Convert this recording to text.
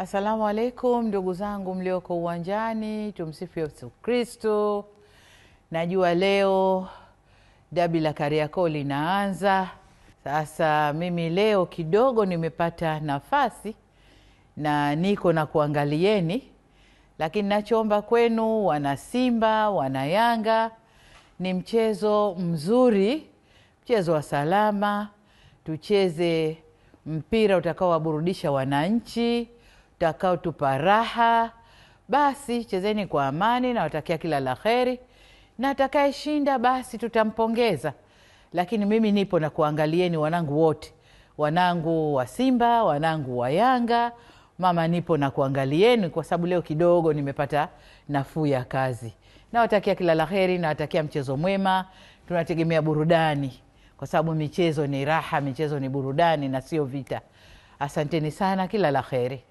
Asalamu alaikum ndugu zangu mlioko uwanjani, tumsifu Yesu Kristo. Najua leo dabi la Kariakoo linaanza sasa. Mimi leo kidogo nimepata nafasi na niko na kuangalieni, lakini nachoomba kwenu, wana Simba, wana Yanga, ni mchezo mzuri, mchezo wa salama, tucheze mpira utakaowaburudisha wananchi utakaotupa raha. Basi chezeni kwa amani, nawatakia kila la heri, na atakayeshinda basi tutampongeza. Lakini mimi nipo na kuangalieni wanangu wote, wanangu wa Simba, wanangu wa Yanga. Mama nipo na kuangalieni, kwa sababu leo kidogo nimepata nafuu ya kazi. Nawatakia kila la heri, nawatakia mchezo mwema. Tunategemea burudani, kwa sababu michezo ni raha, michezo ni burudani na sio vita. Asanteni sana, kila la heri.